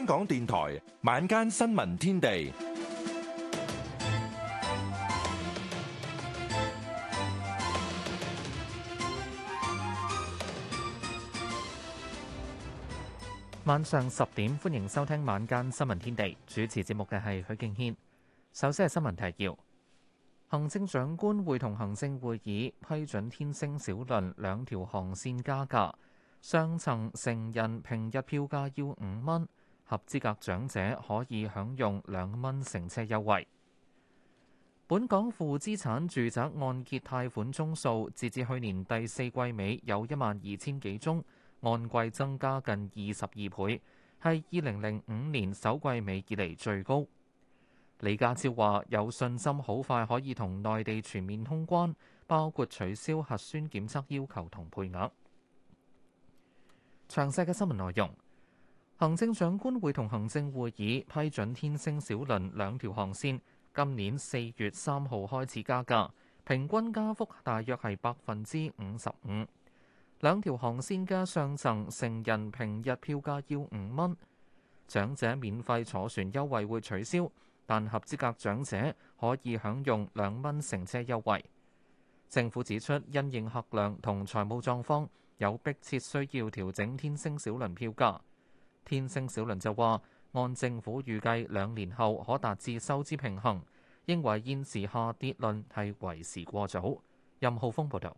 香港電台晚間新聞天地，晚上十點，歡迎收聽晚間新聞天地。主持節目嘅係許敬軒。首先係新聞提要：行政長官會同行政會議批准天星小輪兩條航線加價，上層成人平日票價要五蚊。合資格長者可以享用兩蚊乘車優惠。本港負資產住宅按揭貸款宗數，截至去年第四季尾有一萬二千幾宗，按季增加近二十二倍，係二零零五年首季尾以嚟最高。李家超話，有信心好快可以同內地全面通關，包括取消核酸檢測要求同配額。詳細嘅新聞內容。行政長官會同行政會議批准天星小輪兩條航線，今年四月三號開始加價，平均加幅大約係百分之五十五。兩條航線加上層成人平日票價要五蚊，長者免費坐船優惠會取消，但合資格長者可以享用兩蚊乘車優惠。政府指出，因應客量同財務狀況，有迫切需要調整天星小輪票價。天星小輪就話，按政府預計，兩年後可達至收支平衡，認為現時下跌論係為時過早。任浩峰報導，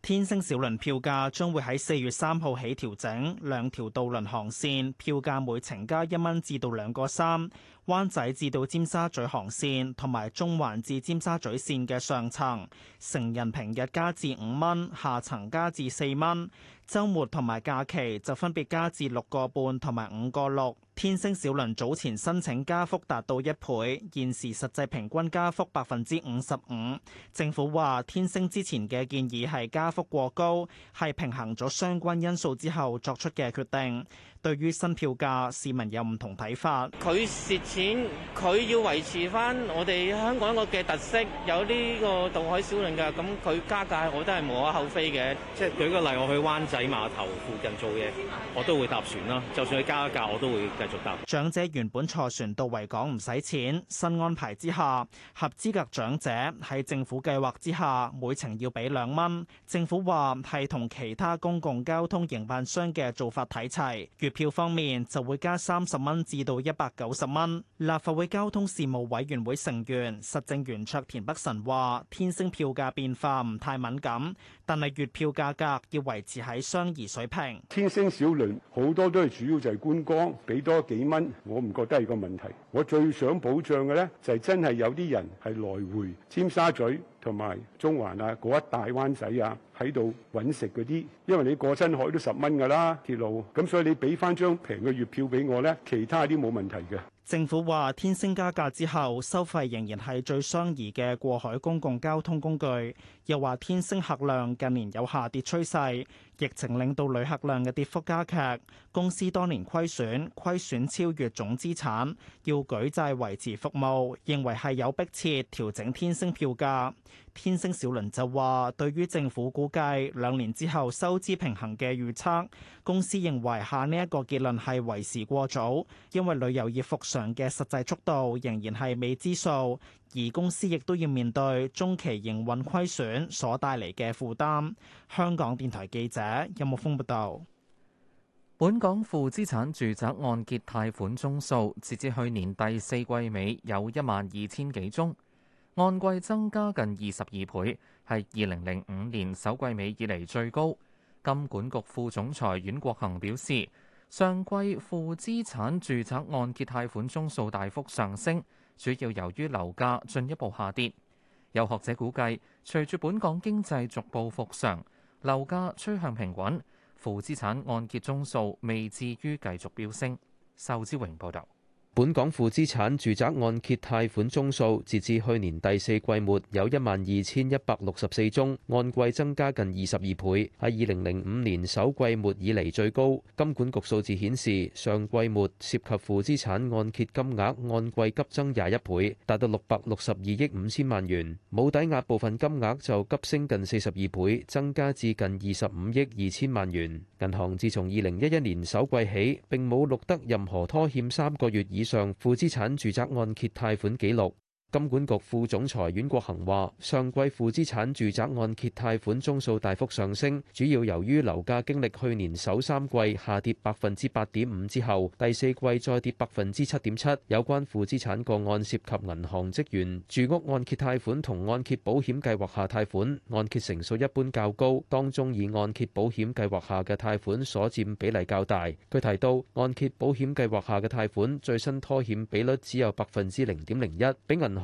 天星小輪票價將會喺四月三號起調整，兩條渡輪航線票價每程加一蚊至到兩個三，灣仔至到尖沙咀航線同埋中環至尖沙咀線嘅上層，成人平日加至五蚊，下層加至四蚊。周末同埋假期就分別加至六個半同埋五個六。天星小輪早前申請加幅達到一倍，現時實際平均加幅百分之五十五。政府話天星之前嘅建議係加幅過高，係平衡咗相關因素之後作出嘅決定。對於新票價，市民有唔同睇法。佢蝕錢，佢要維持翻我哋香港個嘅特色，有呢個渡海小輪㗎。咁佢加價，我都係無可厚非嘅。即係舉個例，我去灣仔碼頭附近做嘢，我都會搭船啦。就算佢加價，我都會繼續搭。長者原本坐船到維港唔使錢，新安排之下，合資格長者喺政府計劃之下，每程要俾兩蚊。政府話係同其他公共交通營辦商嘅做法睇齊。票方面就會加三十蚊至到一百九十蚊。立法會交通事務委員會成員、實政圓桌田北辰話：天星票價變化唔太敏感。但係月票價格要維持喺相宜水平。天星小輪好多都係主要就係觀光，俾多幾蚊，我唔覺得係個問題。我最想保障嘅咧就係、是、真係有啲人係來回尖沙咀同埋中環啊嗰一、那個、大灣仔啊喺度搵食嗰啲，因為你過新海都十蚊㗎啦鐵路，咁所以你俾翻張平嘅月票俾我咧，其他啲冇問題嘅。政府話天星加價之後，收費仍然係最相宜嘅過海公共交通工具。又話天星客量近年有下跌趨勢。疫情令到旅客量嘅跌幅加劇，公司多年虧損，虧損超越總資產，要舉債維持服務，認為係有迫切調整天星票價。天星小輪就話，對於政府估計兩年之後收支平衡嘅預測，公司認為下呢一個結論係為時過早，因為旅遊業復常嘅實際速度仍然係未知數。而公司亦都要面對中期營運虧損所帶嚟嘅負擔。香港電台記者任木峰報道。本港負資產住宅按揭貸款宗數截至去年第四季尾有一萬二千幾宗，按季增加近二十二倍，係二零零五年首季尾以嚟最高。金管局副總裁阮國恆表示，上季負資產住宅按揭貸款宗數大幅上升，主要由於樓價進一步下跌，有學者估計，隨住本港經濟逐步復常，樓價趨向平穩，負資產按揭宗數未至於繼續飆升。壽志榮報導。本港負資產住宅按揭貸款宗數，截至去年第四季末有一萬二千一百六十四宗，按季增加近二十二倍，喺二零零五年首季末以嚟最高。金管局數字顯示，上季末涉及負資產按揭金額按季急增廿一倍，達到六百六十二億五千萬元。冇抵押部分金額就急升近四十二倍，增加至近二十五億二千萬元。銀行自從二零一一年首季起並冇錄得任何拖欠三個月以上負資產住宅按揭貸款記錄。金管局副總裁阮國恆話：上季負資產住宅按揭貸款宗數大幅上升，主要由於樓價經歷去年首三季下跌百分之八點五之後，第四季再跌百分之七點七。有關負資產個案涉及銀行職員住屋按揭貸款同按揭保險計劃下貸款，按揭成數一般較高，當中以按揭保險計劃下嘅貸款所佔比例較大。佢提到，按揭保險計劃下嘅貸款最新拖欠比率只有百分之零點零一，比銀行。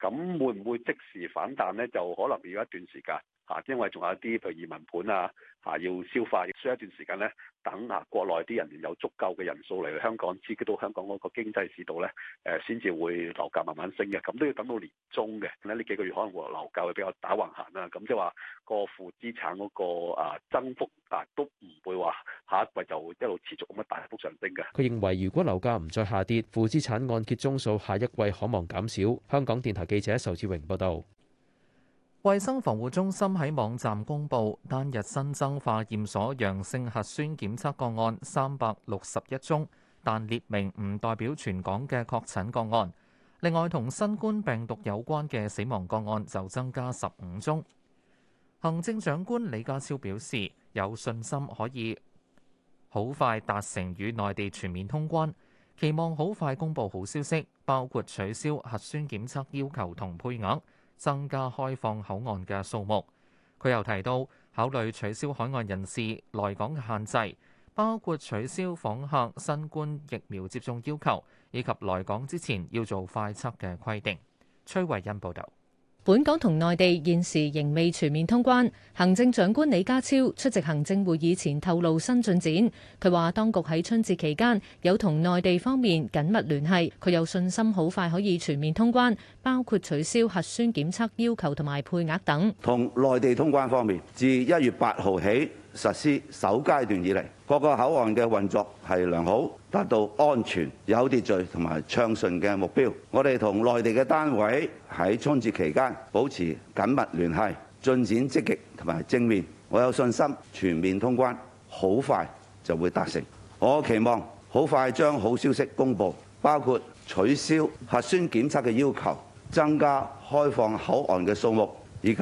咁會唔會即時反彈呢？就可能要一段時間。啊，因為仲有啲譬如移民盤啊，嚇要消化，要需一段時間咧，等啊國內啲人有足夠嘅人數嚟香港，刺激到香港嗰個經濟市道咧，誒先至會樓價慢慢升嘅，咁都要等到年中嘅。咁呢幾個月可能會樓價會比較打橫行啦，咁即係話個負資產嗰個啊增幅啊都唔會話下一季就一路持續咁樣大幅上升嘅。佢認為如果樓價唔再下跌，負資產按揭宗數下一季可望減少。香港電台記者仇志榮報導。衛生防護中心喺網站公布單日新增化驗所陽性核酸檢測個案三百六十一宗，但列明唔代表全港嘅確診個案。另外，同新冠病毒有關嘅死亡個案就增加十五宗。行政長官李家超表示有信心可以好快達成與內地全面通關，期望好快公布好消息，包括取消核酸檢測要求同配額。增加開放口岸嘅數目。佢又提到考慮取消海外人士來港嘅限制，包括取消訪客新冠疫苗接種要求，以及來港之前要做快測嘅規定。崔慧恩報道。本港同內地現時仍未全面通關，行政長官李家超出席行政會議前透露新進展。佢話，當局喺春節期間有同內地方面緊密聯繫，佢有信心好快可以全面通關，包括取消核酸檢測要求同埋配額等。同內地通關方面，自一月八號起，實施首階段以嚟，各個口岸嘅運作係良好，達到安全、有秩序同埋暢順嘅目標。我哋同內地嘅單位喺春節期間保持緊密聯繫，進展積極同埋正面。我有信心全面通關好快就會達成。我期望好快將好消息公佈，包括取消核酸檢測嘅要求，增加開放口岸嘅數目，以及。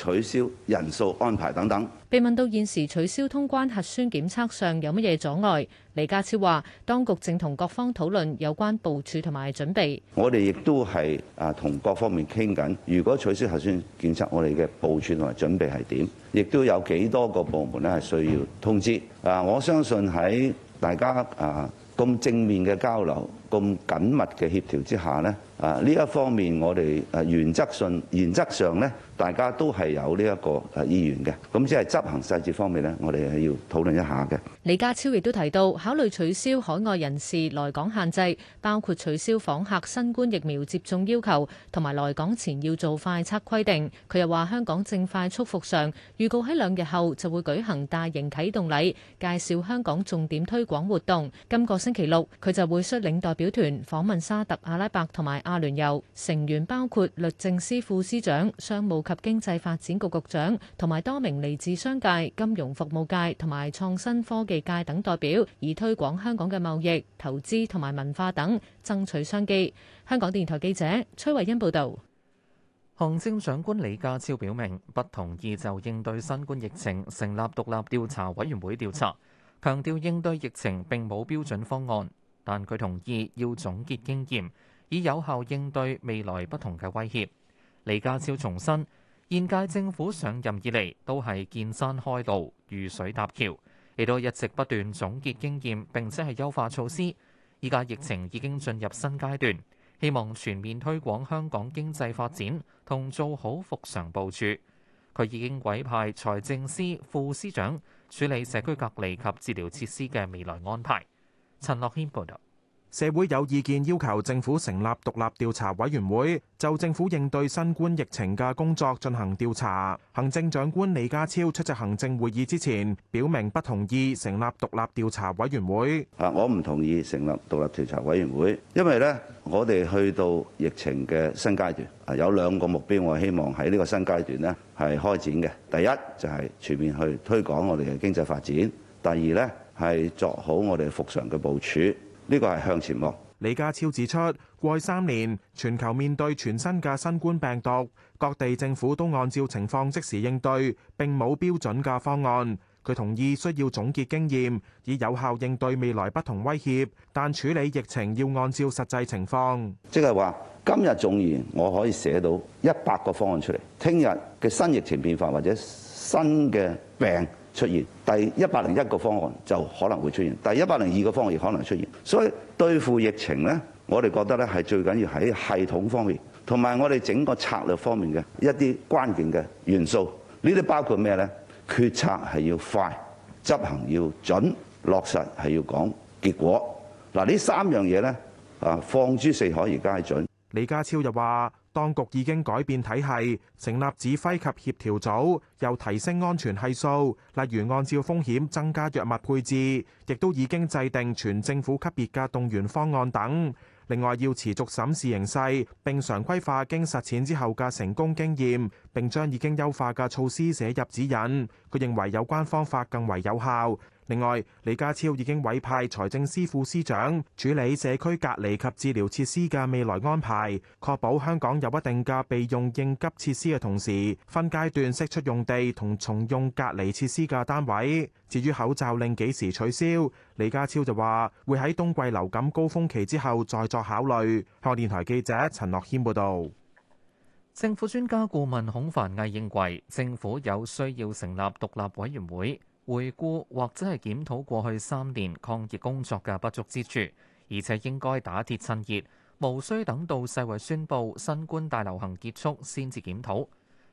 取消人數安排等等。被問到現時取消通關核酸檢測上有乜嘢阻礙，李家超話，當局正同各方討論有關部署同埋準備。我哋亦都係啊，同各方面傾緊。如果取消核酸檢測，我哋嘅部署同埋準備係點？亦都有幾多個部門咧係需要通知啊？我相信喺大家啊咁正面嘅交流、咁緊密嘅協調之下咧。啊！呢一方面我，我哋誒原則上原則上咧，大家都係有呢一個誒意願嘅。咁即係執行細節方面咧，我哋係要討論一下嘅。李家超亦都提到，考慮取消海外人士來港限制，包括取消訪客新冠疫苗接種要求同埋來港前要做快測規定。佢又話，香港正快速復常，預告喺兩日後就會舉行大型啟動禮介紹香港重點推廣活動。今個星期六，佢就會率領代表團訪問沙特阿拉伯同埋阿聯酋，成員包括律政司副司長、商務及經濟發展局局長同埋多名嚟自商界、金融服務界同埋創新科。技界等代表，以推廣香港嘅貿易、投資同埋文化等，爭取商機。香港電台記者崔慧欣報道。行政長官李家超表明不同意就應對新冠疫情成立獨立調查委員會調查，強調應對疫情並冇標準方案，但佢同意要總結經驗，以有效應對未來不同嘅威脅，李家超重申，現屆政府上任以嚟都係見山開路、遇水搭橋。佢都一直不斷總結經驗，並且係優化措施。依家疫情已經進入新階段，希望全面推廣香港經濟發展，同做好復常部署。佢已經委派財政司副司長處理社區隔離及治療設施嘅未來安排。陳樂軒報導。社會有意見要求政府成立獨立調查委員會，就政府應對新冠疫情嘅工作進行調查。行政長官李家超出席行政會議之前，表明不同意成立獨立調查委員會。啊，我唔同意成立獨立調查委員會，因為呢，我哋去到疫情嘅新階段啊，有兩個目標，我希望喺呢個新階段呢係開展嘅。第一就係全面去推廣我哋嘅經濟發展；第二呢係作好我哋復常嘅部署。呢個係向前望。李家超指出，過去三年全球面對全新嘅新冠病毒，各地政府都按照情況即時應對，並冇標準嘅方案。佢同意需要總結經驗，以有效應對未來不同威脅，但處理疫情要按照實際情況。即係話，今日總結，我可以寫到一百個方案出嚟。聽日嘅新疫情變化或者新嘅病，出現第一百零一個方案就可能會出現，第一百零二個方案亦可能出現。所以對付疫情呢，我哋覺得呢係最緊要喺系統方面，同埋我哋整個策略方面嘅一啲關鍵嘅元素。呢啲包括咩呢？決策係要快，執行要準，落實係要講結果。嗱，呢三樣嘢呢，啊，放諸四海而皆準。李家超就話。當局已經改變體系，成立指揮及協調組，又提升安全係數，例如按照風險增加藥物配置，亦都已經制定全政府級別嘅動員方案等。另外，要持續審視形勢，並常規化經實踐之後嘅成功經驗，並將已經優化嘅措施寫入指引。佢認為有關方法更為有效。另外，李家超已經委派財政司副司長處理社區隔離及治療設施嘅未來安排，確保香港有一定嘅備用應急設施嘅同時，分階段釋出用地同重用隔離設施嘅單位。至於口罩令幾時取消，李家超就話會喺冬季流感高峰期之後再作考慮。香港電台記者陳樂軒報導。政府專家顧問孔凡毅認為，政府有需要成立獨立委員會。回顧或者係檢討過去三年抗疫工作嘅不足之處，而且應該打鐵趁熱，無需等到世衛宣布新冠大流行結束先至檢討。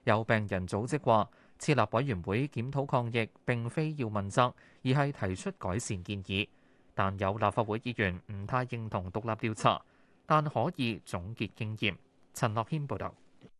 有病人組織話，設立委員會檢討抗疫並非要問責，而係提出改善建議。但有立法會議員唔太認同獨立調查，但可以總結經驗。陳樂謙報導。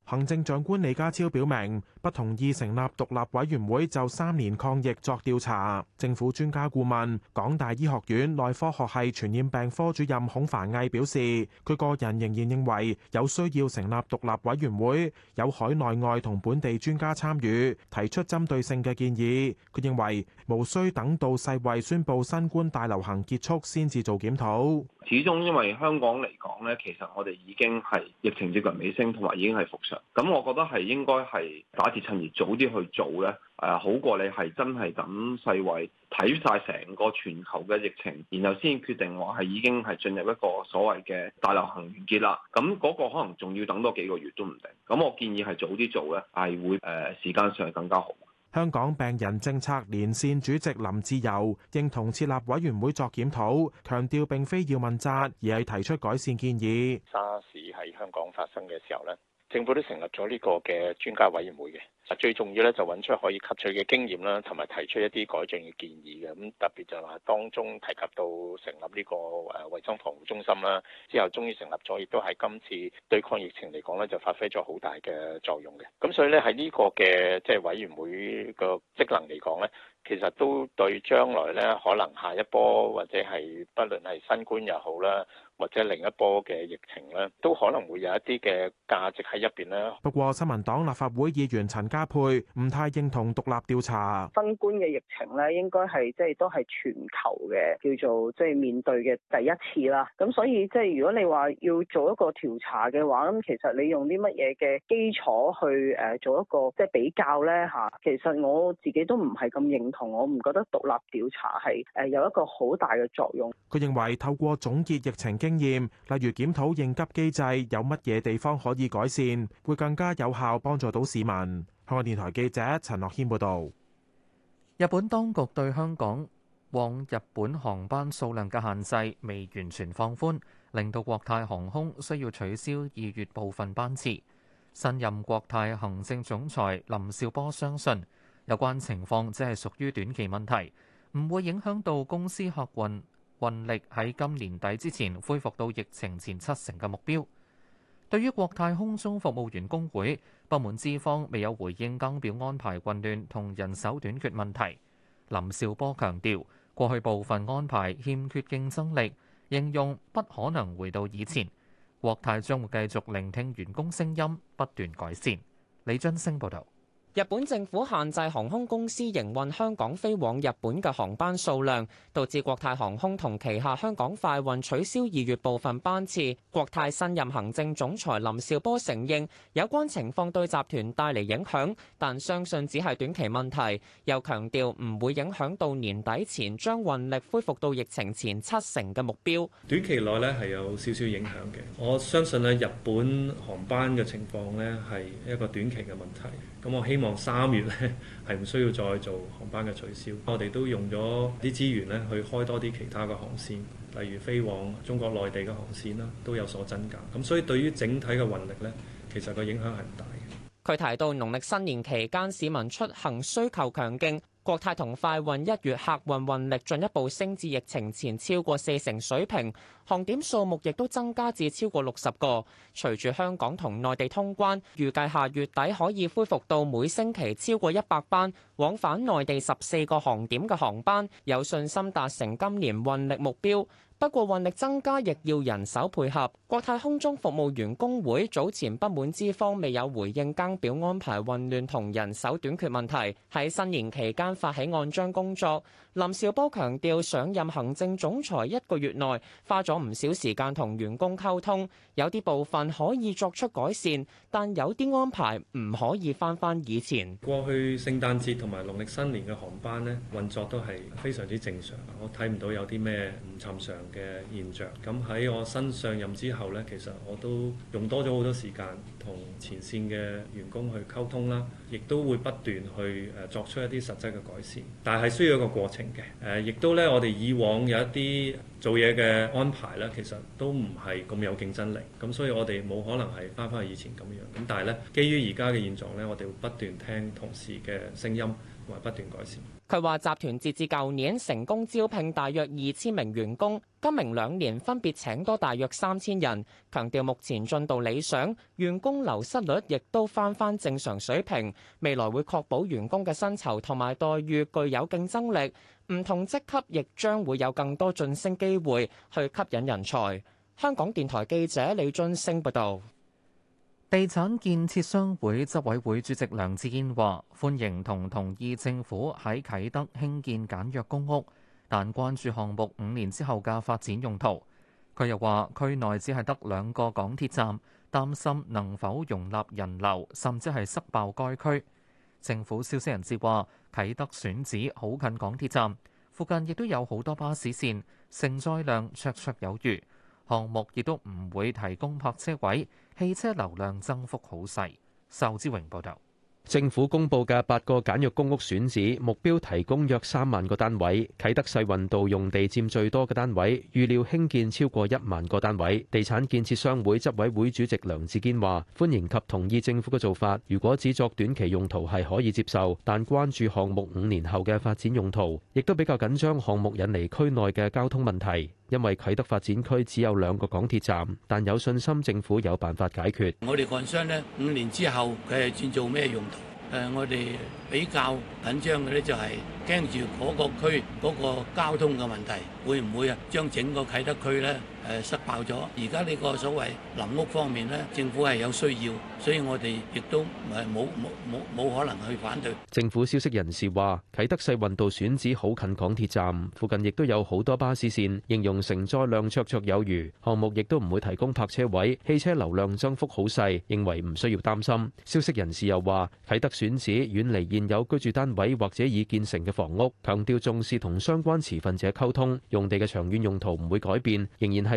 行政長官李家超表明不同意成立獨立委員會就三年抗疫作調查。政府專家顧問、港大醫學院內科學系傳染病科主任孔繁毅表示，佢個人仍然認為有需要成立獨立委員會，有海內外同本地專家參與，提出針對性嘅建議。佢認為。無需等到世衛宣佈新冠大流行結束先至做檢討。始終因為香港嚟講咧，其實我哋已經係疫情接近尾聲，同埋已經係復常。咁我覺得係應該係打字趁而早啲去做咧，誒、呃、好過你係真係等世衛睇晒成個全球嘅疫情，然後先決定話係已經係進入一個所謂嘅大流行完結啦。咁嗰個可能仲要等多幾個月都唔定。咁我建議係早啲做咧，係會誒、呃、時間上係更加好。香港病人政策連線主席林志友認同設立委員會作檢討，強調並非要問責，而係提出改善建議。沙士喺香港發生嘅時候呢。政府都成立咗呢個嘅專家委員會嘅，啊最重要咧就揾出可以吸取嘅經驗啦，同埋提出一啲改進嘅建議嘅，咁特別就係話當中提及到成立呢個誒衞生防護中心啦，之後終於成立咗，亦都喺今次對抗疫情嚟講咧就發揮咗好大嘅作用嘅。咁所以咧喺呢個嘅即係委員會個職能嚟講咧，其實都對將來咧可能下一波或者係不論係新冠又好啦。或者另一波嘅疫情咧，都可能會有一啲嘅價值喺入邊啦。不過新民黨立法會議員陳家佩唔太認同獨立調查。新冠嘅疫情咧，應該係即係都係全球嘅叫做即係面對嘅第一次啦。咁所以即係如果你話要做一個調查嘅話，咁其實你用啲乜嘢嘅基礎去誒做一個即係比較咧吓，其實我自己都唔係咁認同，我唔覺得獨立調查係誒有一個好大嘅作用。佢認為透過總結疫情經驗，例如檢討應急機制，有乜嘢地方可以改善，會更加有效幫助到市民。香港電台記者陳樂軒報導。日本當局對香港往日本航班數量嘅限制未完全放寬，令到國泰航空需要取消二月部分班次。新任國泰行政總裁林紹波相信，有關情況只係屬於短期問題，唔會影響到公司客運運力喺今年底之前恢復到疫情前七成嘅目標。對於國泰空中服務員工會不滿，資方未有回應更表安排混亂同人手短缺問題。林紹波強調，過去部分安排欠缺競爭力，形容不可能回到以前。國泰將會繼續聆聽員工聲音，不斷改善。李津升報導。日本政府限制航空公司營運香港飛往日本嘅航班數量，導致國泰航空同旗下香港快運取消二月部分班次。國泰新任行政總裁林紹波承認有關情況對集團帶嚟影響，但相信只係短期問題，又強調唔會影響到年底前將運力恢復到疫情前七成嘅目標。短期內咧係有少少影響嘅，我相信咧日本航班嘅情況咧係一個短期嘅問題。咁我希望三月咧係唔需要再做航班嘅取消，我哋都用咗啲資源咧去開多啲其他嘅航線，例如飛往中國內地嘅航線啦，都有所增加。咁所以對於整體嘅運力咧，其實個影響係唔大嘅。佢提到農曆新年期間市民出行需求強勁。國泰同快運一月客運運力進一步升至疫情前超過四成水平，航點數目亦都增加至超過六十個。隨住香港同內地通關，預計下月底可以恢復到每星期超過一百班往返內地十四個航點嘅航班，有信心達成今年運力目標。不過運力增加亦要人手配合。國泰空中服務員工會早前不滿資方未有回應更表安排混亂同人手短缺問題，喺新年期間發起按章工作。林兆波強調上任行政總裁一個月內花咗唔少時間同員工溝通，有啲部分可以作出改善，但有啲安排唔可以翻返以前。過去聖誕節同埋農曆新年嘅航班呢，運作都係非常之正常，我睇唔到有啲咩唔尋常嘅現象，咁喺我新上任之後咧，其實我都用多咗好多時間。同前線嘅員工去溝通啦，亦都會不斷去誒作出一啲實質嘅改善，但係需要一個過程嘅。誒亦都咧，我哋以往有一啲做嘢嘅安排咧，其實都唔係咁有競爭力，咁所以我哋冇可能係翻翻去以前咁樣，咁但係咧，基於而家嘅現狀咧，我哋會不斷聽同事嘅聲音，同埋不斷改善。佢話集團截至舊年成功招聘大約二千名員工，今明兩年分別請多大約三千人，強調目前進度理想，員工。流失率亦都翻返正常水平，未來會確保員工嘅薪酬同埋待遇具有競爭力。唔同職級亦將會有更多晉升機會去吸引人才。香港電台記者李津升報道。地產建設商會執委會主席梁志堅話：歡迎同同意政府喺啟德興建簡約公屋，但關注項目五年之後嘅發展用途。佢又話：區內只係得兩個港鐵站。擔心能否容納人流，甚至係塞爆該區。政府消息人士話，啟德選址好近港鐵站，附近亦都有好多巴士線，乘載量綽綽有餘。項目亦都唔會提供泊車位，汽車流量增幅好細。仇之榮報道。政府公布嘅八個簡約公屋選址，目標提供約三萬個單位。啟德世運道用地佔最多嘅單位，預料興建超過一萬個單位。地產建設商會執委會主席梁志堅話歡迎及同意政府嘅做法，如果只作短期用途係可以接受，但關注項目五年後嘅發展用途，亦都比較緊張項目引嚟區內嘅交通問題。因為啟德發展區只有兩個港鐵站，但有信心政府有辦法解決。我哋看商咧，五年之後佢係轉做咩用途？誒，我哋比較緊張嘅咧就係驚住嗰個區嗰個交通嘅問題，會唔會啊將整個啟德區咧？誒失爆咗，而家呢個所謂臨屋方面咧，政府係有需要，所以我哋亦都誒冇冇冇冇可能去反對。政府消息人士話，啟德世運道選址好近港鐵站，附近亦都有好多巴士線，形容承載量綽綽有餘。項目亦都唔會提供泊車位，汽車流量增幅好細，認為唔需要擔心。消息人士又話，啟德選址遠離現有居住單位或者已建成嘅房屋，強調重視同相關持份者溝通，用地嘅長遠用途唔會改變，仍然係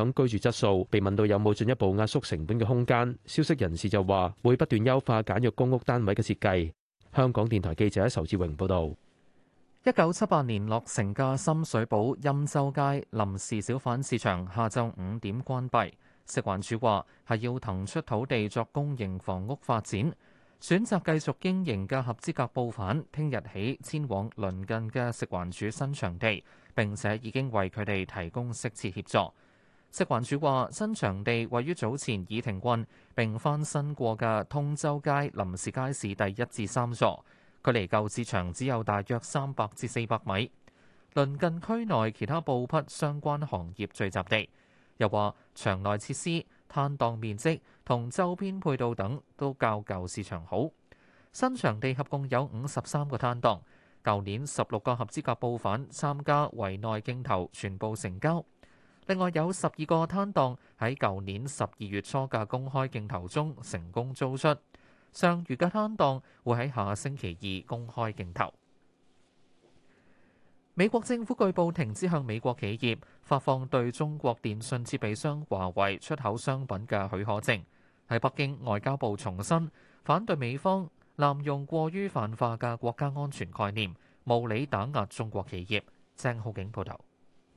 等居住質素。被問到有冇進一步壓縮成本嘅空間，消息人士就話會不斷優化簡約公屋單位嘅設計。香港電台記者仇志榮報道。一九七八年落成嘅深水埗欽州街臨時小販市場下晝五點關閉。食環署話係要騰出土地作公營房屋發展，選擇繼續經營嘅合資格報返，聽日起遷往鄰近嘅食環署新場地。並且已經為佢哋提供適切協助。食環署話：新場地位於早前已停運並翻新過嘅通州街臨時街市第一至三座，距離舊市場只有大約三百至四百米，鄰近區內其他布匹相關行業聚集地。又話場內設施、攤檔面積同周邊配套等都較舊市場好。新場地合共有五十三個攤檔，舊年十六個合資格布販參加圍內競投，全部成交。另外有十二個攤檔喺舊年十二月初嘅公開競投中成功租出，尚餘嘅攤檔會喺下星期二公開競投。美國政府據報停止向美國企業發放對中國電訊設備商華為出口商品嘅許可證。喺北京，外交部重申反對美方濫用過於泛化嘅國家安全概念，無理打壓中國企業。鄭浩景報道。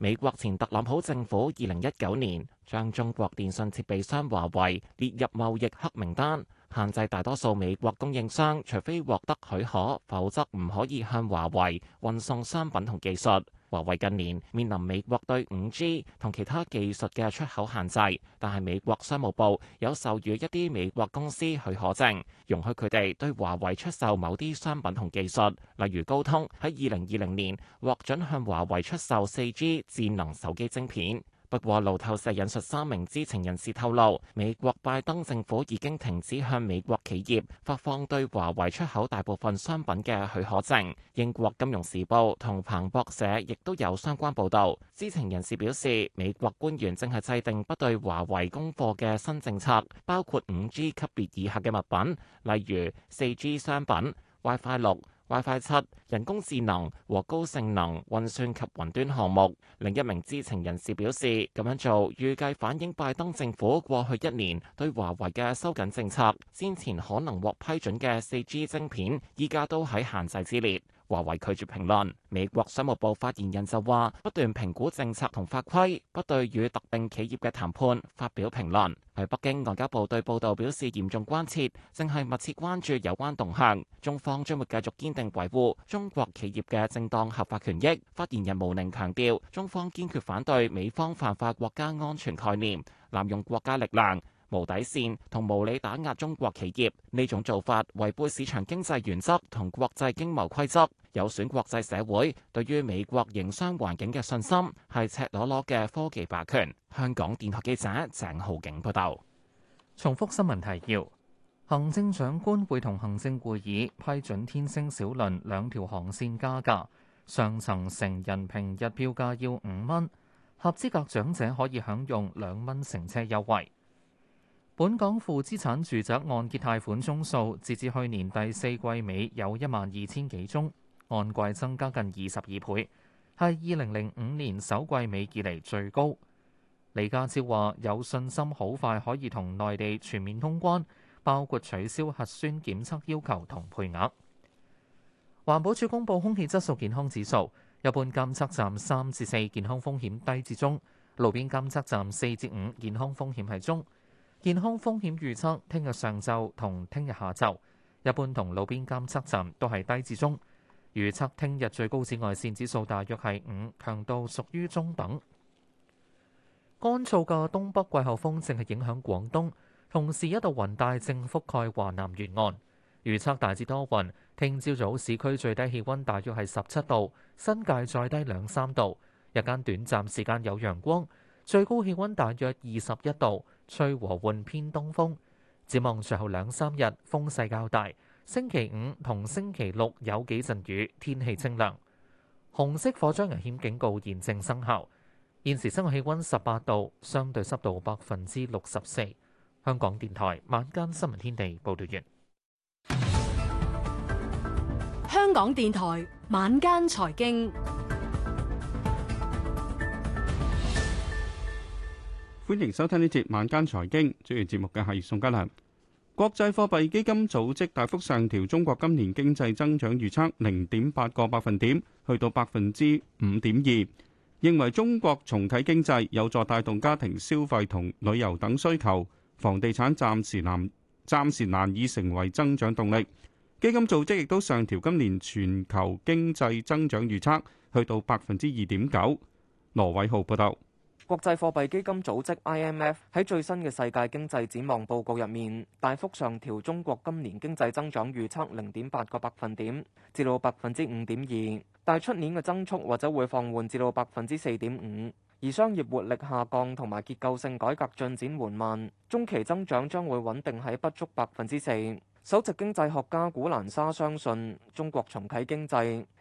美國前特朗普政府二零一九年將中國電信設備商華為列入貿易黑名單，限制大多數美國供應商，除非獲得許可，否則唔可以向華為運送商品同技術。華為近年面臨美國對 5G 同其他技術嘅出口限制，但係美國商務部有授予一啲美國公司許可證，容許佢哋對華為出售某啲商品同技術，例如高通喺二零二零年獲准向華為出售 4G 智能手機晶片。不過，路透社引述三名知情人士透露，美國拜登政府已經停止向美國企業發放對華為出口大部分商品嘅許可證。英國金融時報同彭博社亦都有相關報導。知情人士表示，美國官員正係制定不對華為供貨嘅新政策，包括五 G 級別以下嘅物品，例如四 G 商品、WiFi 六、WiFi 7、人工智能和高性能運算及雲端項目。另一名知情人士表示，咁樣做預計反映拜登政府過去一年對華為嘅收緊政策。先前可能獲批准嘅四 G 晶片，依家都喺限制之列。華為拒絕評論。美國商務部發言人就話不斷評估政策同法規，不對與特定企業嘅談判發表評論。喺北京，外交部對報道表示嚴重關切，正係密切關注有關動向。中方將會繼續堅定維護中國企業嘅正當合法權益。發言人毛寧強調，中方堅決反對美方泛化國家安全概念，濫用國家力量。無底線同無理打壓中國企業呢種做法，違背市場經濟原則同國際經貿規則，有損國際社會對於美國營商環境嘅信心，係赤裸裸嘅科技霸權。香港電台記者鄭浩景報道。重複新聞提要：行政長官會同行政會議批准天星小輪兩條航線加價，上層成人平日票價要五蚊，合資格長者可以享用兩蚊乘車優惠。本港負資產住宅按揭貸款宗數，截至去年第四季尾有一萬二千幾宗，按季增加近二十二倍，係二零零五年首季尾以嚟最高。李家超話有信心好快可以同內地全面通關，包括取消核酸檢測要求同配額。環保署公布空氣質素健康指數，一般監測站三至四，健康風險低至中；路邊監測站四至五，健康風險係中。健康風險預測，聽日上晝同聽日下晝，一般同路邊監測站都係低至中。預測聽日最高紫外線指數大約係五，強度屬於中等。乾燥嘅東北季候風正係影響廣東，同時一道雲帶正覆蓋華南沿岸，預測大致多雲。聽朝早市區最低氣温大約係十七度，新界再低兩三度。日間短暫時間有陽光，最高氣温大約二十一度。吹和緩偏東風，展望最後兩三日風勢較大。星期五同星期六有幾陣雨，天氣清涼。紅色火災危險警告現正生效。現時室外氣温十八度，相對濕度百分之六十四。香港電台晚間新聞天地報道完。香港電台晚間財經。歡迎收聽呢節晚間財經，主持節目嘅係宋嘉良。國際貨幣基金組織大幅上調中國今年經濟增長預測零點八個百分點，去到百分之五點二，認為中國重啟經濟有助帶動家庭消費同旅遊等需求，房地產暫時難暫時難以成為增長動力。基金組織亦都上調今年全球經濟增長預測，去到百分之二點九。羅偉浩報道。國際貨幣基金組織 IMF 喺最新嘅世界經濟展望報告入面，大幅上調中國今年經濟增長預測零點八個百分點，至到百分之五點二。但係出年嘅增速或者會放緩至到百分之四點五，而商業活力下降同埋結構性改革進展緩慢，中期增長將會穩定喺不足百分之四。首席經濟學家古蘭沙相信，中國重啟經濟。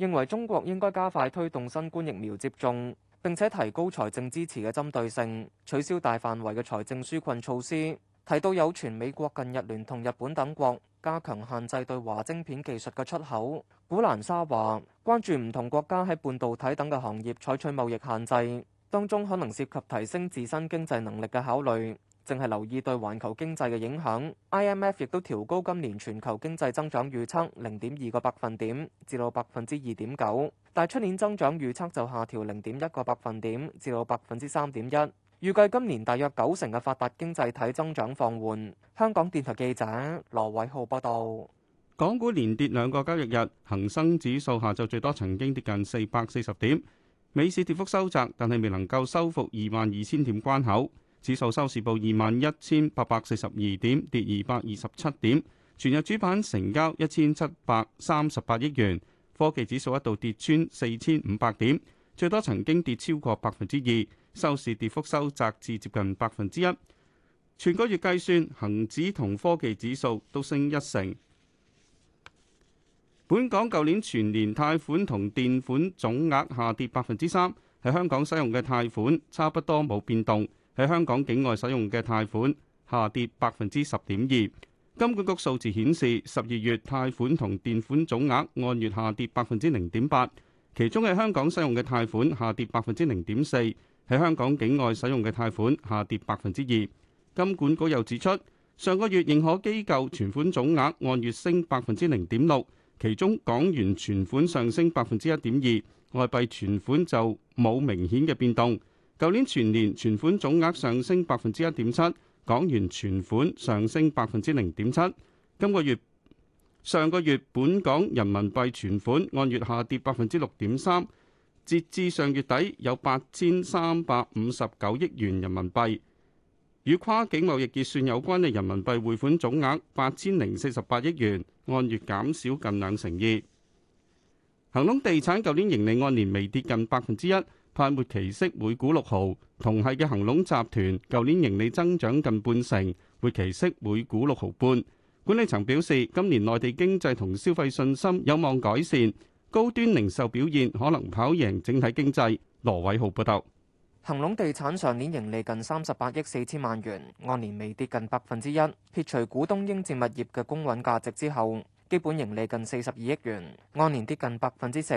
認為中國應該加快推動新冠疫苗接種，並且提高財政支持嘅針對性，取消大範圍嘅財政紓困措施。提到有傳美國近日聯同日本等國加強限制對華晶片技術嘅出口，古蘭沙話關注唔同國家喺半導體等嘅行業採取貿易限制，當中可能涉及提升自身經濟能力嘅考慮。正係留意對環球經濟嘅影響，IMF 亦都調高今年全球經濟增長預測零點二個百分點，至到百分之二點九，但係出年增長預測就下調零點一個百分點，至到百分之三點一。預計今年大約九成嘅發達經濟體增長放緩。香港電台記者羅偉浩報道，港股連跌兩個交易日，恒生指數下晝最多曾經跌近四百四十點，美市跌幅收窄，但係未能夠收復二萬二千點關口。指數收市報二萬一千八百四十二點，跌二百二十七點。全日主板成交一千七百三十八億元。科技指數一度跌穿四千五百點，最多曾經跌超過百分之二，收市跌幅收窄至接近百分之一。全個月計算，恒指同科技指數都升一成。本港舊年全年貸款同墊款總額下跌百分之三，喺香港使用嘅貸款差不多冇變動。喺香港境外使用嘅貸款下跌百分之十點二。金管局數字顯示，十二月貸款同墊款總額按月下跌百分之零點八，其中喺香港使用嘅貸款下跌百分之零點四，喺香港境外使用嘅貸款下跌百分之二。金管局又指出，上個月認可機構存款總額按月升百分之零點六，其中港元存款上升百分之一點二，外幣存款就冇明顯嘅變動。舊年全年存款總額上升百分之一點七，港元存款上升百分之零點七。今個月、上個月本港人民幣存款按月下跌百分之六點三，截至上月底有八千三百五十九億元人民幣。與跨境貿易結算有關嘅人民幣匯款總額八千零四十八億元，按月減少近兩成二。恒隆地產舊年盈利按年微跌近百分之一。派末期息每股六毫，同係嘅恒隆集團舊年盈利增長近半成，末期息每股六毫半。管理層表示，今年內地經濟同消費信心有望改善，高端零售表現可能跑贏整體經濟，羅偉浩報道。恒隆地產上年盈利近三十八億四千萬元，按年微跌近百分之一。撇除股東應佔物業嘅公允價值之後，基本盈利近四十二億元，按年跌近百分之四。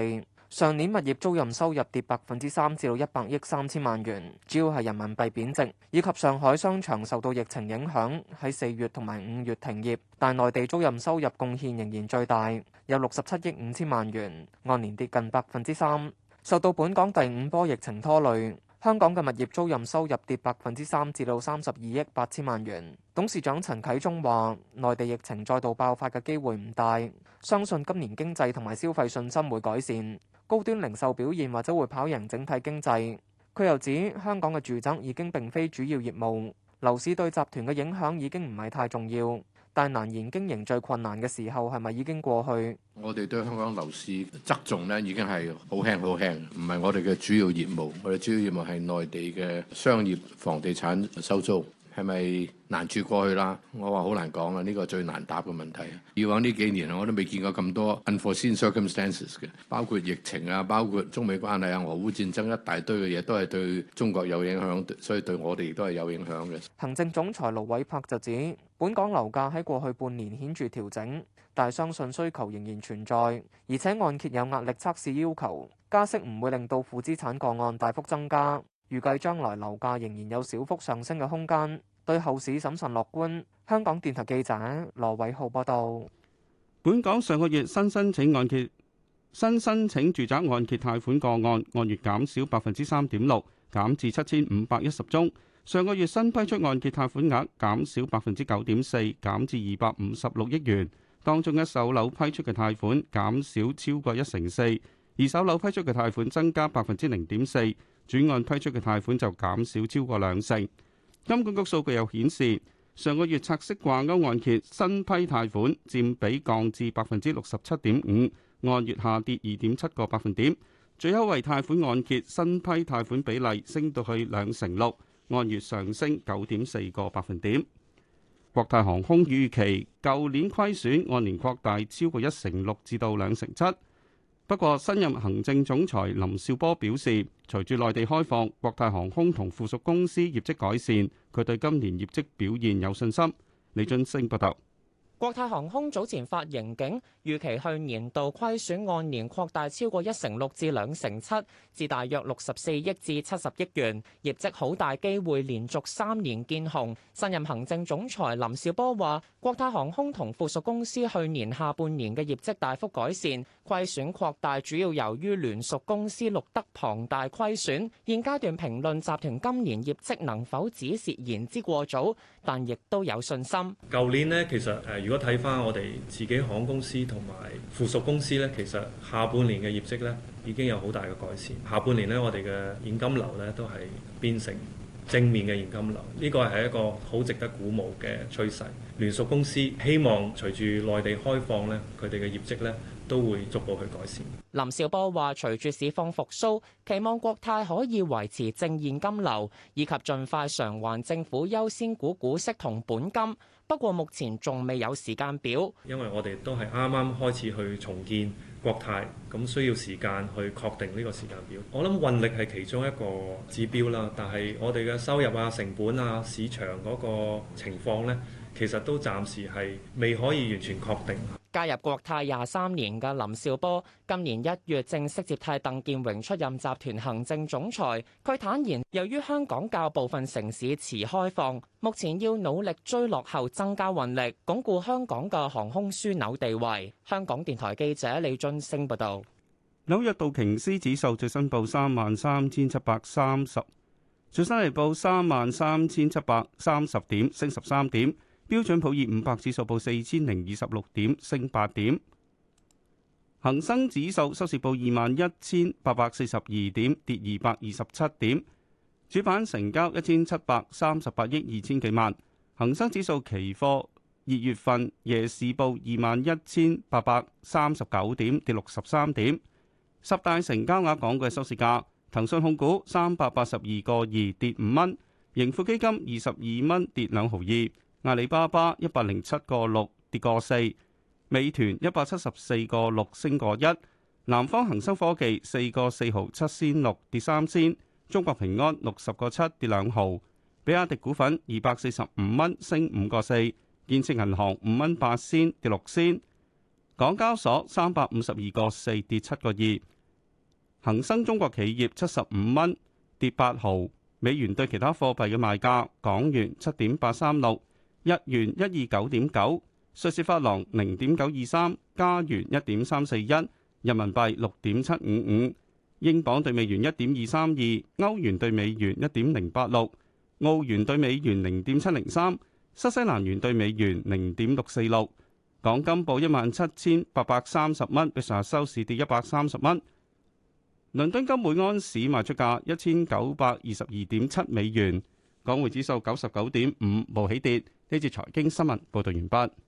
上年物業租賃收入跌百分之三，至到一百億三千萬元，主要係人民幣貶值以及上海商場受到疫情影響喺四月同埋五月停業，但內地租賃收入貢獻仍然最大，有六十七億五千萬元，按年跌近百分之三，受到本港第五波疫情拖累，香港嘅物業租賃收入跌百分之三至到三十二億八千萬元。董事長陳啟宗話：內地疫情再度爆發嘅機會唔大，相信今年經濟同埋消費信心會改善。高端零售表現或者會跑贏整體經濟。佢又指香港嘅住宅已經並非主要業務，樓市對集團嘅影響已經唔係太重要。但難言經營最困難嘅時候係咪已經過去？我哋對香港樓市側重呢已經係好輕好輕，唔係我哋嘅主要業務。我哋主要業務係內地嘅商業房地產收租。係咪難住過去啦？我話好難講啊！呢個最難答嘅問題。以往呢幾年我都未見過咁多 unforeseen circumstances 嘅，包括疫情啊，包括中美關係啊，俄烏戰爭，一大堆嘅嘢都係對中國有影響，所以對我哋亦都係有影響嘅。行政總裁盧偉柏就指，本港樓價喺過去半年顯著調整，但相信需求仍然存在，而且按揭有壓力測試要求，加息唔會令到負資產個案大幅增加。預計將來樓價仍然有小幅上升嘅空間，對後市審慎樂觀。香港電台記者羅偉浩報道。本港上個月新申請按揭、新申請住宅按揭貸款個案按月減少百分之三點六，減至七千五百一十宗。上個月新批出按揭貸款額減少百分之九點四，減至二百五十六億元。當中一手樓批出嘅貸款減少超過一成四，二手樓批出嘅貸款增加百分之零點四。轉按批出嘅貸款就減少超過兩成。金管局數據又顯示，上個月拆息掛鈎按揭新批貸款佔比降至百分之六十七點五，按月下跌二點七個百分點。最優惠貸款按揭新批貸款比例升到去兩成六，按月上升九點四個百分點。國泰航空預期舊年虧損按年擴大超過一成六至到兩成七。不過，新任行政總裁林少波表示，隨住內地開放，國泰航空同附屬公司業績改善，佢對今年業績表現有信心。李俊升報道。國泰航空早前發盈警，預期去年度虧損按年擴大超過一成六至兩成七，至大約六十四億至七十億元。業績好大機會連續三年見紅。新任行政總裁林紹波話：國泰航空同附屬公司去年下半年嘅業績大幅改善，虧損擴大主要由於聯屬公司錄得龐大虧損。現階段評論集團今年業績能否止蝕言之過早，但亦都有信心。舊年呢，其實誒，如如果睇翻我哋自己行公司同埋附屬公司咧，其實下半年嘅業績咧已經有好大嘅改善。下半年咧，我哋嘅現金流咧都係變成正面嘅現金流，呢個係一個好值得鼓舞嘅趨勢。聯屬公司希望隨住內地開放咧，佢哋嘅業績咧都會逐步去改善。林紹波話，隨住市況復甦，期望國泰可以維持正現金流，以及盡快償還政府優先股股息同本金。不過目前仲未有時間表，因為我哋都係啱啱開始去重建國泰，咁需要時間去確定呢個時間表。我諗運力係其中一個指標啦，但係我哋嘅收入啊、成本啊、市場嗰個情況呢，其實都暫時係未可以完全確定。加入國泰廿三年嘅林少波，今年一月正式接替鄧健榮出任集團行政總裁。佢坦言，由於香港較部分城市遲開放，目前要努力追落後，增加運力，鞏固香港嘅航空樞紐地位。香港電台記者李俊升報道。紐約杜瓊斯指數最新報三萬三千七百三十，最新嚟報三萬三千七百三十點，升十三點。標準普爾五百指數報四千零二十六點，升八點。恒生指數收市報二萬一千八百四十二點，跌二百二十七點。主板成交一千七百三十八億二千幾萬。恒生指數期貨二月份夜市報二萬一千八百三十九點，跌六十三點。十大成交額港股嘅收市價，騰訊控股三百八十二個二跌五蚊，盈富基金二十二蚊跌兩毫二。阿里巴巴一百零七個六跌個四，美團一百七十四個六升個一，南方恒生科技四個四毫七仙六跌三仙，中國平安六十個七跌兩毫，比亞迪股份二百四十五蚊升五個四，建設銀行五蚊八仙跌六仙，港交所三百五十二個四跌七個二，恒生中國企業七十五蚊跌八毫，美元對其他貨幣嘅賣價，港元七點八三六。日元一二九點九，瑞士法郎零點九二三，加元一點三四一，人民幣六點七五五，英鎊兌美元一點二三二，歐元兌美元一點零八六，澳元兌美元零點七零三，新西蘭元兌美元零點六四六，港金報一萬七千八百三十蚊，比上日收市跌一百三十蚊。倫敦金每盎司賣出價一千九百二十二點七美元，港匯指數九十九點五，冇起跌。呢次財經新聞報道完畢。